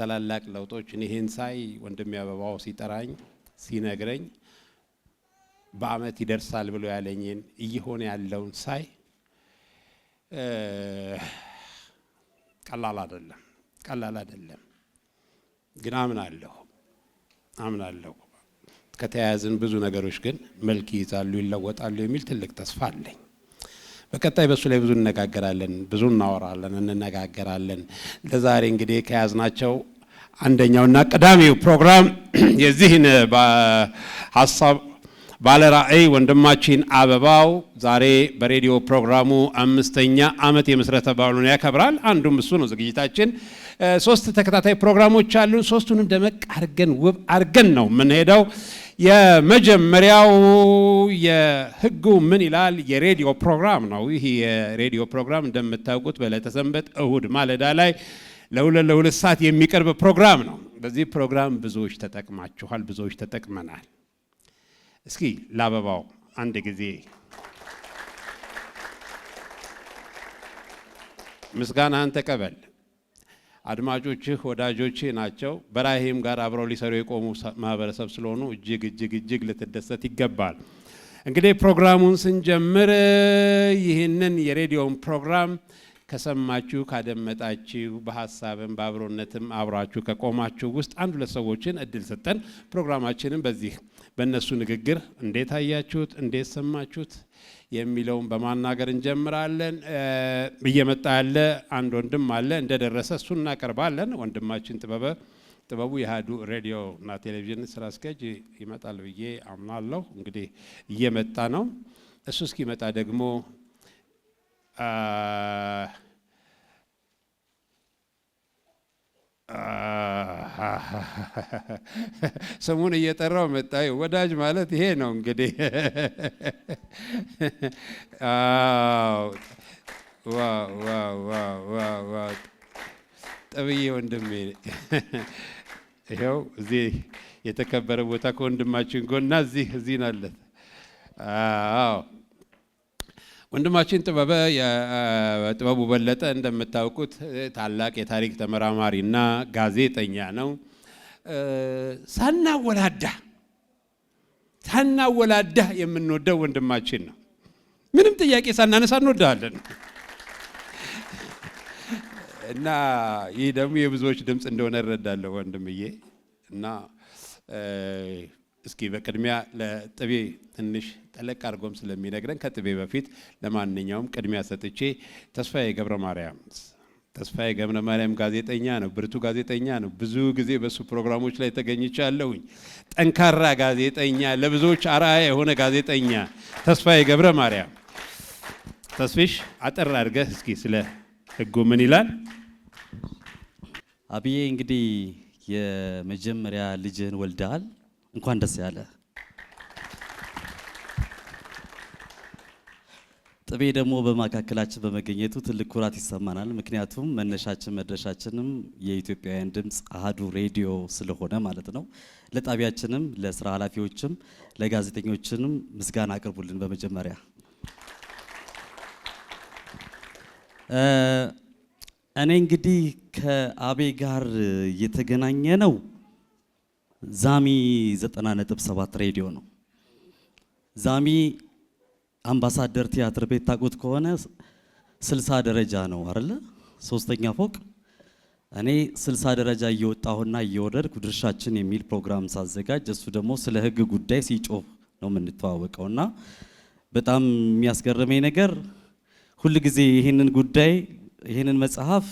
ከታላላቅ ለውጦች ይህን ሳይ ወንድሜ አበባው ሲጠራኝ ሲነግረኝ በአመት ይደርሳል ብሎ ያለኝን እየሆነ ያለውን ሳይ ቀላል አይደለም፣ ቀላል አይደለም። ግን አምናለሁ አምናለሁ ከተያያዝን ብዙ ነገሮች ግን መልክ ይይዛሉ፣ ይለወጣሉ የሚል ትልቅ ተስፋ አለኝ። በቀጣይ በእሱ ላይ ብዙ እነጋገራለን፣ ብዙ እናወራለን፣ እንነጋገራለን። ለዛሬ እንግዲህ ከያዝናቸው አንደኛውና ቀዳሚው ፕሮግራም የዚህን ሀሳብ ባለ ወንድማችን አበባው ዛሬ በሬዲዮ ፕሮግራሙ አምስተኛ ዓመት የመስረተ በዓሉን ያከብራል። አንዱም እሱ ነው ዝግጅታችን ሶስት ተከታታይ ፕሮግራሞች አሉን። ሶስቱንም ደመቅ አርገን ውብ አርገን ነው የምንሄደው። የመጀመሪያው የህጉ ምን ይላል የሬዲዮ ፕሮግራም ነው። ይህ የሬዲዮ ፕሮግራም እንደምታውቁት በዕለተ ሰንበት እሁድ ማለዳ ላይ ለሁለት ለሁለት ሰዓት የሚቀርብ ፕሮግራም ነው። በዚህ ፕሮግራም ብዙዎች ተጠቅማችኋል፣ ብዙዎች ተጠቅመናል። እስኪ ለአበባው አንድ ጊዜ ምስጋናህን ተቀበል። አድማጮችህ ወዳጆችህ ናቸው። በራሄም ጋር አብረው ሊሰሩ የቆሙ ማህበረሰብ ስለሆኑ እጅግ እጅግ እጅግ ልትደሰት ይገባል። እንግዲህ ፕሮግራሙን ስንጀምር ይህንን የሬዲዮን ፕሮግራም ከሰማችሁ ካደመጣችሁ በሀሳብም በአብሮነትም አብራችሁ ከቆማችሁ ውስጥ አንድ ሁለት ሰዎችን እድል ሰጠን። ፕሮግራማችንን በዚህ በእነሱ ንግግር እንዴት አያችሁት፣ እንዴት ሰማችሁት የሚለውን በማናገር እንጀምራለን። እየመጣ ያለ አንድ ወንድም አለ፣ እንደደረሰ እሱ እናቀርባለን። ወንድማችን ጥበበ ጥበቡ ሬዲዮ እና ቴሌቪዥን ስራ አስኪያጅ ይመጣል ብዬ አምናለሁ። እንግዲህ እየመጣ ነው። እሱ እስኪመጣ ደግሞ Uh, ስሙን እየጠራው መጣዩ ወዳጅ ማለት ይሄ ነው እንግዲህ። ጥብዬ ወንድሜ ይኸው እዚህ የተከበረ ቦታ ከወንድማችን ጎና እዚህ እዚህ ናለት። ወንድማችን ጥበበ ጥበቡ በለጠ እንደምታውቁት ታላቅ የታሪክ ተመራማሪና ጋዜጠኛ ነው። ሳናወላዳ ሳናወላዳ የምንወደው ወንድማችን ነው። ምንም ጥያቄ ሳናነሳ እንወደዋለን። እና ይህ ደግሞ የብዙዎች ድምፅ እንደሆነ እረዳለሁ ወንድምዬ እና እስኪ በቅድሚያ ለጥቤ ትንሽ ጠለቅ አድርጎም ስለሚነግረን ከጥቤ በፊት ለማንኛውም ቅድሚያ ሰጥቼ ተስፋዬ ገብረ ማርያም ተስፋዬ ገብረ ማርያም ጋዜጠኛ ነው፣ ብርቱ ጋዜጠኛ ነው። ብዙ ጊዜ በሱ ፕሮግራሞች ላይ ተገኝቻለሁኝ። ጠንካራ ጋዜጠኛ፣ ለብዙዎች አርአያ የሆነ ጋዜጠኛ ተስፋዬ ገብረ ማርያም። ተስፊሽ አጠር አድርገህ እስኪ ስለ ህጉ ምን ይላል? አብዬ እንግዲህ የመጀመሪያ ልጅህን ወልደሃል እንኳን ደስ ያለ። ጥቤ ደግሞ በመካከላችን በመገኘቱ ትልቅ ኩራት ይሰማናል። ምክንያቱም መነሻችን መድረሻችንም የኢትዮጵያውያን ድምፅ አህዱ ሬዲዮ ስለሆነ ማለት ነው። ለጣቢያችንም፣ ለስራ ኃላፊዎችም፣ ለጋዜጠኞችንም ምስጋና አቅርቡልን። በመጀመሪያ እኔ እንግዲህ ከአቤ ጋር የተገናኘ ነው ዛሚ 90.7 ሬዲዮ ነው። ዛሚ አምባሳደር ቲያትር ቤት ታውቁት ከሆነ ስልሳ ደረጃ ነው አይደለ? ሶስተኛ ፎቅ እኔ ስልሳ ደረጃ እየወጣሁና እየወረድኩ ድርሻችን የሚል ፕሮግራም ሳዘጋጅ እሱ ደግሞ ስለ ህግ ጉዳይ ሲጮህ ነው የምንተዋወቀው። እና በጣም የሚያስገርመኝ ነገር ሁል ጊዜ ይህንን ጉዳይ ይህንን መጽሐፍ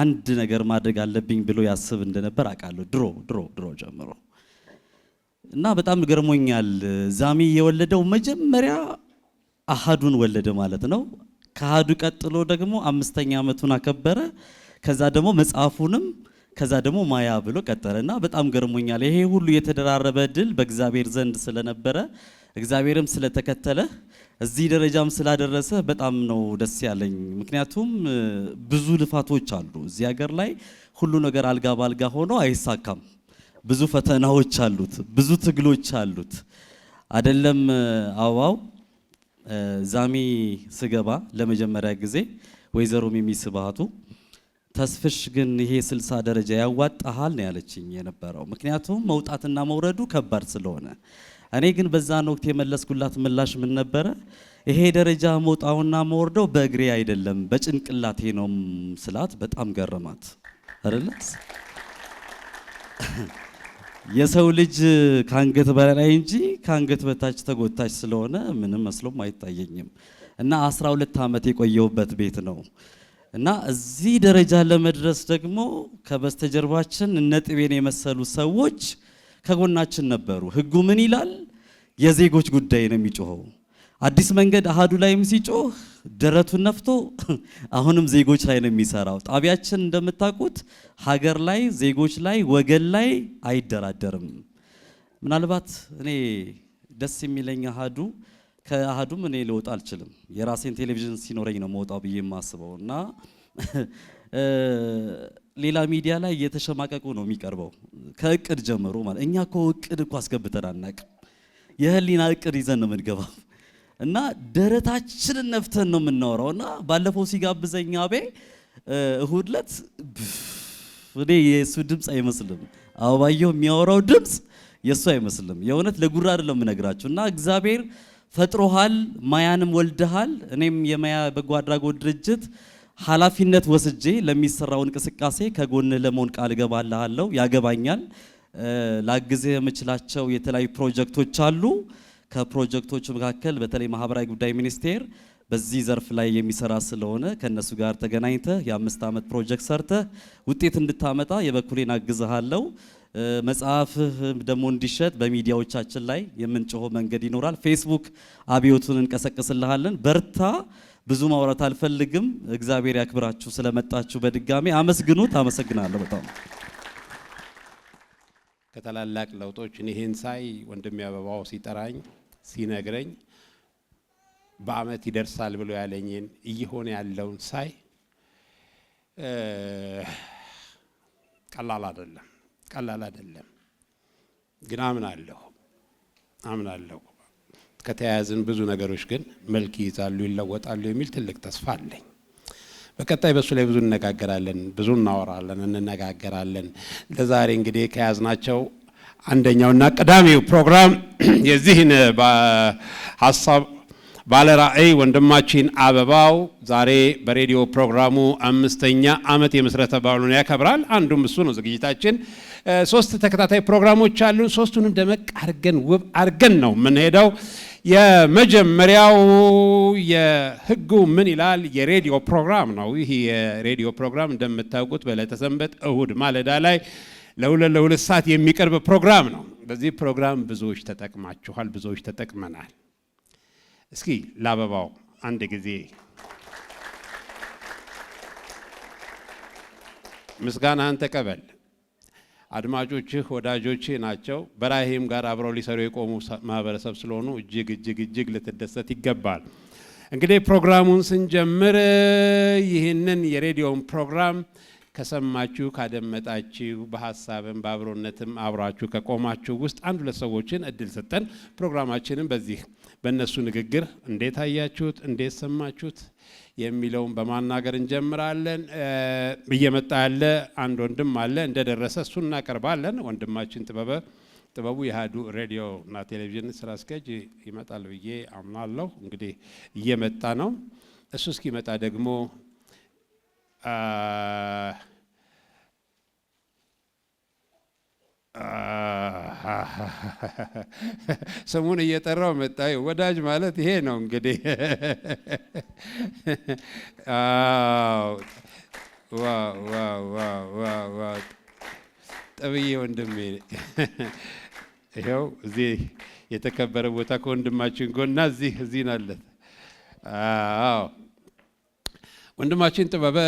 አንድ ነገር ማድረግ አለብኝ ብሎ ያስብ እንደነበር አውቃለሁ። ድሮ ድሮ ድሮ ጀምሮ እና በጣም ገርሞኛል። ዛሚ የወለደው መጀመሪያ አሃዱን ወለደ ማለት ነው። ከአሃዱ ቀጥሎ ደግሞ አምስተኛ ዓመቱን አከበረ። ከዛ ደግሞ መጽሐፉንም ከዛ ደግሞ ማያ ብሎ ቀጠለ እና በጣም ገርሞኛል። ይሄ ሁሉ የተደራረበ ድል በእግዚአብሔር ዘንድ ስለነበረ እግዚአብሔርም ስለተከተለ እዚህ ደረጃም ስላደረሰ በጣም ነው ደስ ያለኝ። ምክንያቱም ብዙ ልፋቶች አሉ እዚህ ሀገር ላይ ሁሉ ነገር አልጋ ባልጋ ሆኖ አይሳካም። ብዙ ፈተናዎች አሉት፣ ብዙ ትግሎች አሉት። አይደለም አበባው ዛሜ ስገባ ለመጀመሪያ ጊዜ ወይዘሮ ሚሚ ስብሃቱ ተስፍሽ ግን ይሄ ስልሳ ደረጃ ያዋጣሃል ነው ያለችኝ የነበረው። ምክንያቱም መውጣትና መውረዱ ከባድ ስለሆነ እኔ ግን በዛን ወቅት የመለስኩላት ምላሽ ምን ነበረ? ይሄ ደረጃ መውጣውና መወርደው በእግሬ አይደለም በጭንቅላቴ ነው ስላት በጣም ገረማት። አይደለስ የሰው ልጅ ከአንገት በላይ እንጂ ከአንገት በታች ተጎታች ስለሆነ ምንም መስሎም አይታየኝም። እና 12 ዓመት የቆየውበት ቤት ነው። እና እዚህ ደረጃ ለመድረስ ደግሞ ከበስተጀርባችን እነ ጥቤን የመሰሉ ሰዎች ከጎናችን ነበሩ። ህጉ ምን ይላል? የዜጎች ጉዳይ ነው የሚጮኸው። አዲስ መንገድ አሃዱ ላይም ሲጮህ ደረቱን ነፍቶ አሁንም ዜጎች ላይ ነው የሚሰራው። ጣቢያችን እንደምታውቁት ሀገር ላይ፣ ዜጎች ላይ፣ ወገን ላይ አይደራደርም። ምናልባት እኔ ደስ የሚለኝ አሃዱ ከአሃዱም እኔ ልወጣ አልችልም። የራሴን ቴሌቪዥን ሲኖረኝ ነው መውጣው ብዬ የማስበው እና ሌላ ሚዲያ ላይ እየተሸማቀቁ ነው የሚቀርበው። ከእቅድ ጀምሮ ማለት እኛ እኮ እቅድ እኮ አስገብተን አናቅም። የህሊና እቅድ ይዘን ነው የምንገባው እና ደረታችንን ነፍተን ነው የምናወራው። እና ባለፈው ሲጋብዘኝ አቤ እሁድ ዕለት እኔ የእሱ ድምፅ አይመስልም፣ አበባየሁ የሚያወራው ድምፅ የእሱ አይመስልም። የእውነት ለጉራ አይደለም የምነግራችሁ። እና እግዚአብሔር ፈጥሮሃል፣ ማያንም ወልደሃል። እኔም የማያ በጎ አድራጎት ድርጅት ኃላፊነት ወስጄ ለሚሰራው እንቅስቃሴ ከጎን ለመሆን ቃል እገባልሃለሁ። ያገባኛል። ላግዝህ የምችላቸው የተለያዩ ፕሮጀክቶች አሉ። ከፕሮጀክቶቹ መካከል በተለይ ማህበራዊ ጉዳይ ሚኒስቴር በዚህ ዘርፍ ላይ የሚሰራ ስለሆነ ከእነሱ ጋር ተገናኝተ የአምስት ዓመት ፕሮጀክት ሰርተ ውጤት እንድታመጣ የበኩሌን አግዝሃለሁ። መጽሐፍህ ደግሞ እንዲሸጥ በሚዲያዎቻችን ላይ የምንጮሆ መንገድ ይኖራል። ፌስቡክ አብዮቱን እንቀሰቅስልሃለን። በርታ ብዙ ማውራት አልፈልግም። እግዚአብሔር ያክብራችሁ ስለመጣችሁ በድጋሚ አመስግኑት። አመሰግናለሁ በጣም ከታላላቅ ለውጦች ይህን ሳይ ወንድም አበባው ሲጠራኝ ሲነግረኝ በአመት ይደርሳል ብሎ ያለኝን እየሆነ ያለውን ሳይ ቀላል አይደለም፣ ቀላል አይደለም። ግን አምናለሁ አምናለሁ ከተያያዝን ብዙ ነገሮች ግን መልክ ይይዛሉ፣ ይለወጣሉ የሚል ትልቅ ተስፋ አለኝ። በቀጣይ በእሱ ላይ ብዙ እነጋገራለን፣ ብዙ እናወራለን፣ እንነጋገራለን። ለዛሬ እንግዲህ ከያዝናቸው አንደኛውና ቀዳሚው ፕሮግራም የዚህን ሀሳብ ባለራዕይ ወንድማችን አበባው ዛሬ በሬዲዮ ፕሮግራሙ አምስተኛ ዓመት የምስረተ በዓሉን ያከብራል። አንዱም እሱ ነው። ዝግጅታችን ሶስት ተከታታይ ፕሮግራሞች አሉ ሶስቱንም ደመቅ አድርገን ውብ አድርገን ነው የምንሄደው። የመጀመሪያው የህጉ ምን ይላል የሬዲዮ ፕሮግራም ነው። ይህ የሬዲዮ ፕሮግራም እንደምታውቁት በዕለተ ሰንበት እሁድ ማለዳ ላይ ለሁለት ለሁለት ሰዓት የሚቀርብ ፕሮግራም ነው። በዚህ ፕሮግራም ብዙዎች ተጠቅማችኋል፣ ብዙዎች ተጠቅመናል። እስኪ ለአበባው አንድ ጊዜ ምስጋናህን ተቀበል። አድማጮችህ ወዳጆችህ ናቸው። በራሄም ጋር አብረው ሊሰሩ የቆሙ ማህበረሰብ ስለሆኑ እጅግ እጅግ እጅግ ልትደሰት ይገባል። እንግዲህ ፕሮግራሙን ስንጀምር ይህንን የሬዲዮን ፕሮግራም ከሰማችሁ ካደመጣችሁ በሀሳብም በአብሮነትም አብራችሁ ከቆማችሁ ውስጥ አንድ ሁለት ሰዎችን እድል ሰጠን። ፕሮግራማችንም በዚህ በእነሱ ንግግር እንዴት አያችሁት፣ እንዴት ሰማችሁት የሚለውን በማናገር እንጀምራለን። እየመጣ ያለ አንድ ወንድም አለ፣ እንደደረሰ እሱ እናቀርባለን። ወንድማችን ጥበበ ጥበቡ የአሀዱ ሬዲዮ እና ቴሌቪዥን ስራ አስኪያጅ ይመጣል ብዬ አምናለሁ። እንግዲህ እየመጣ ነው። እሱ እስኪመጣ ደግሞ Uh, ስሙን uh, እየጠራው መጣዩ ወዳጅ ማለት ይሄ ነው እንግዲህ። ጥብዬ ወንድሜ ይኸው እዚህ የተከበረ ቦታ ከወንድማችን ጎና እዚህ እዚህ ናለት። ወንድማችን ጥበበ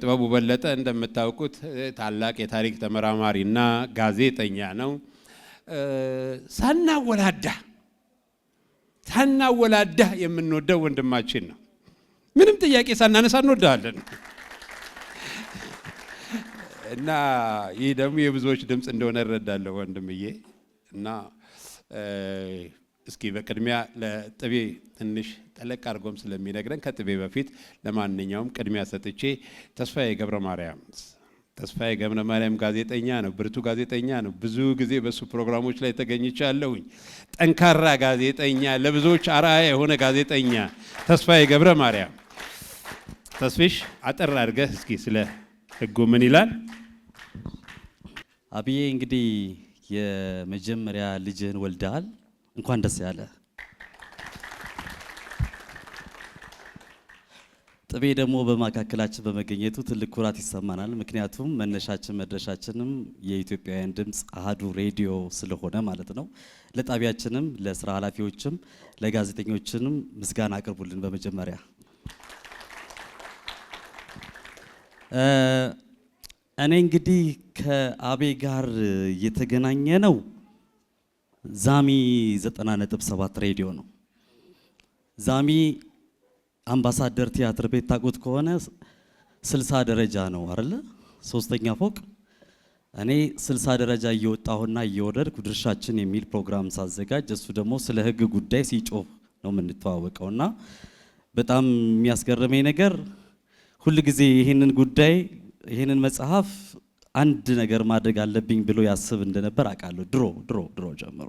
ጥበቡ በለጠ እንደምታውቁት ታላቅ የታሪክ ተመራማሪና ጋዜጠኛ ነው። ሳናወላዳ ሳናወላዳ የምንወደው ወንድማችን ነው። ምንም ጥያቄ ሳናነሳ እንወደዋለን። እና ይህ ደግሞ የብዙዎች ድምፅ እንደሆነ እረዳለሁ ወንድምዬ እና እስኪ በቅድሚያ ለጥቤ ትንሽ ጠለቅ አድርጎም ስለሚነግረን ከጥቤ በፊት ለማንኛውም ቅድሚያ ሰጥቼ ተስፋዬ ገብረ ማርያም ተስፋዬ ገብረ ማርያም ጋዜጠኛ ነው፣ ብርቱ ጋዜጠኛ ነው። ብዙ ጊዜ በሱ ፕሮግራሞች ላይ ተገኝቻለሁኝ። ጠንካራ ጋዜጠኛ፣ ለብዙዎች አርአያ የሆነ ጋዜጠኛ ተስፋዬ ገብረ ማርያም። ተስፊሽ አጠር አድርገህ እስኪ ስለ ህጉ ምን ይላል? አብዬ እንግዲህ የመጀመሪያ ልጅህን ወልደሃል እንኳን ደስ ያለ። ጥቤ ደግሞ በመካከላችን በመገኘቱ ትልቅ ኩራት ይሰማናል። ምክንያቱም መነሻችን መድረሻችንም የኢትዮጵያውያን ድምፅ አህዱ ሬዲዮ ስለሆነ ማለት ነው። ለጣቢያችንም፣ ለስራ ኃላፊዎችም፣ ለጋዜጠኞችንም ምስጋና አቅርቡልን። በመጀመሪያ እኔ እንግዲህ ከአቤ ጋር የተገናኘ ነው ዛሚ 90.7 ሬዲዮ ነው። ዛሚ አምባሳደር ቲያትር ቤት ታውቁት ከሆነ 60 ደረጃ ነው አይደለ? ሶስተኛ ፎቅ። እኔ 60 ደረጃ እየወጣሁና እየወረድኩ ድርሻችን የሚል ፕሮግራም ሳዘጋጅ፣ እሱ ደግሞ ስለ ህግ ጉዳይ ሲጮህ ነው እና በጣም የሚያስገርመኝ ነገር ሁል ጊዜ ይህንን ጉዳይ ይህንን መጽሐፍ አንድ ነገር ማድረግ አለብኝ ብሎ ያስብ እንደነበር አውቃለሁ። ድሮ ድሮ ድሮ ጀምሮ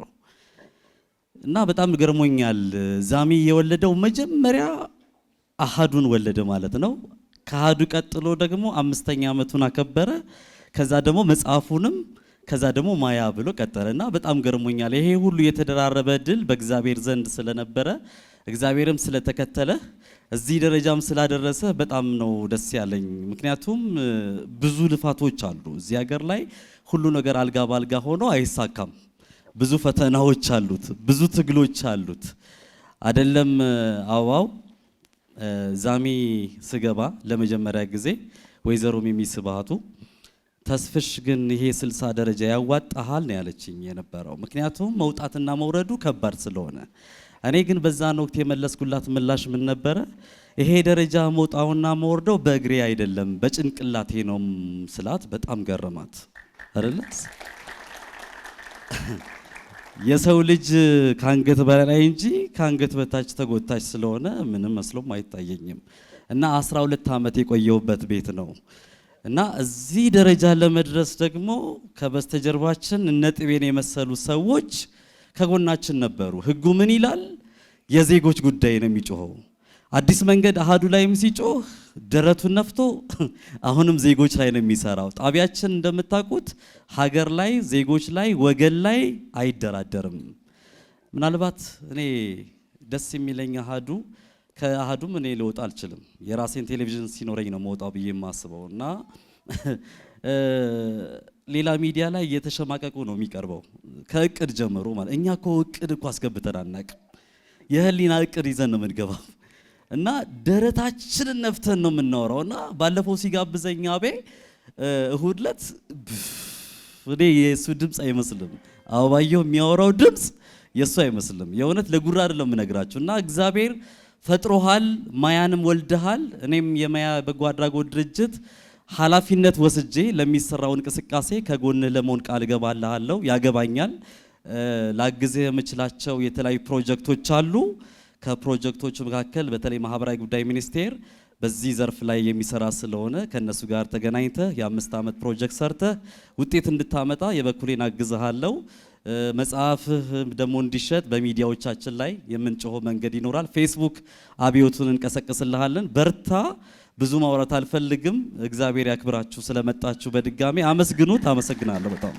እና በጣም ገርሞኛል። ዛሚ የወለደው መጀመሪያ አሃዱን ወለደ ማለት ነው። ከአሃዱ ቀጥሎ ደግሞ አምስተኛ ዓመቱን አከበረ። ከዛ ደግሞ መጽሐፉንም ከዛ ደግሞ ማያ ብሎ እና በጣም ገርሞኛል። ይሄ ሁሉ የተደራረበ ድል በእግዚአብሔር ዘንድ ስለነበረ እግዚአብሔርም ስለተከተለ እዚህ ደረጃም ስላደረሰ በጣም ነው ደስ ያለኝ። ምክንያቱም ብዙ ልፋቶች አሉ እዚህ ሀገር ላይ ሁሉ ነገር አልጋ ባልጋ ሆኖ አይሳካም። ብዙ ፈተናዎች አሉት፣ ብዙ ትግሎች አሉት። አደለም አበባው ዛሜ ስገባ ለመጀመሪያ ጊዜ ወይዘሮ ሚሚ ስብሃቱ ተስፍሽ ግን ይሄ ስልሳ ደረጃ ያዋጣሃል ነው ያለችኝ የነበረው። ምክንያቱም መውጣትና መውረዱ ከባድ ስለሆነ እኔ ግን በዛን ወቅት የመለስኩላት ምላሽ ምን ነበረ? ይሄ ደረጃ መውጣውና መወርደው በእግሬ አይደለም በጭንቅላቴ ነው ስላት፣ በጣም ገረማት። አይደለስ የሰው ልጅ ከአንገት በላይ እንጂ ከአንገት በታች ተጎታች ስለሆነ ምንም መስሎም አይታየኝም። እና 12 ዓመት የቆየውበት ቤት ነው እና እዚህ ደረጃ ለመድረስ ደግሞ ከበስተጀርባችን እነ የመሰሉ ሰዎች ከጎናችን ነበሩ። ህጉ ምን ይላል? የዜጎች ጉዳይ ነው የሚጮኸው። አዲስ መንገድ አሃዱ ላይም ሲጮህ ደረቱን ነፍቶ አሁንም ዜጎች ላይ ነው የሚሰራው። ጣቢያችን እንደምታውቁት ሀገር ላይ፣ ዜጎች ላይ፣ ወገን ላይ አይደራደርም። ምናልባት እኔ ደስ የሚለኝ አሃዱ ከአሃዱም እኔ ልወጣ አልችልም። የራሴን ቴሌቪዥን ሲኖረኝ ነው መውጣው ብዬ የማስበው እና ሌላ ሚዲያ ላይ እየተሸማቀቁ ነው የሚቀርበው። ከእቅድ ጀምሮ ማለት እኛ እኮ እቅድ እኮ አስገብተን አናቅም። የህሊና እቅድ ይዘን ነው የምንገባው እና ደረታችንን ነፍተን ነው የምናወራው። እና ባለፈው ሲጋብዘኝ አቤ እሁድ ዕለት እኔ የእሱ ድምፅ አይመስልም፣ አበባየሁ የሚያወራው ድምፅ የእሱ አይመስልም። የእውነት ለጉራ አይደለም የምነግራችሁ። እና እግዚአብሔር ፈጥሮሃል፣ ማያንም ወልደሃል። እኔም የማያ በጎ አድራጎት ድርጅት ኃላፊነት ወስጄ ለሚሰራው እንቅስቃሴ ከጎን ለመሆን ቃል እገባልሃለሁ። ያገባኛል። ላግዝህ የምችላቸው የተለያዩ ፕሮጀክቶች አሉ። ከፕሮጀክቶቹ መካከል በተለይ ማህበራዊ ጉዳይ ሚኒስቴር በዚህ ዘርፍ ላይ የሚሰራ ስለሆነ ከእነሱ ጋር ተገናኝተ የአምስት ዓመት ፕሮጀክት ሰርተ ውጤት እንድታመጣ የበኩሌን አግዝሃለሁ። መጽሐፍህ ደግሞ እንዲሸጥ በሚዲያዎቻችን ላይ የምንጮሆ መንገድ ይኖራል። ፌስቡክ አብዮቱን እንቀሰቅስልሃለን። በርታ ብዙ ማውራት አልፈልግም። እግዚአብሔር ያክብራችሁ ስለመጣችሁ በድጋሚ አመስግኑት። አመሰግናለሁ በጣም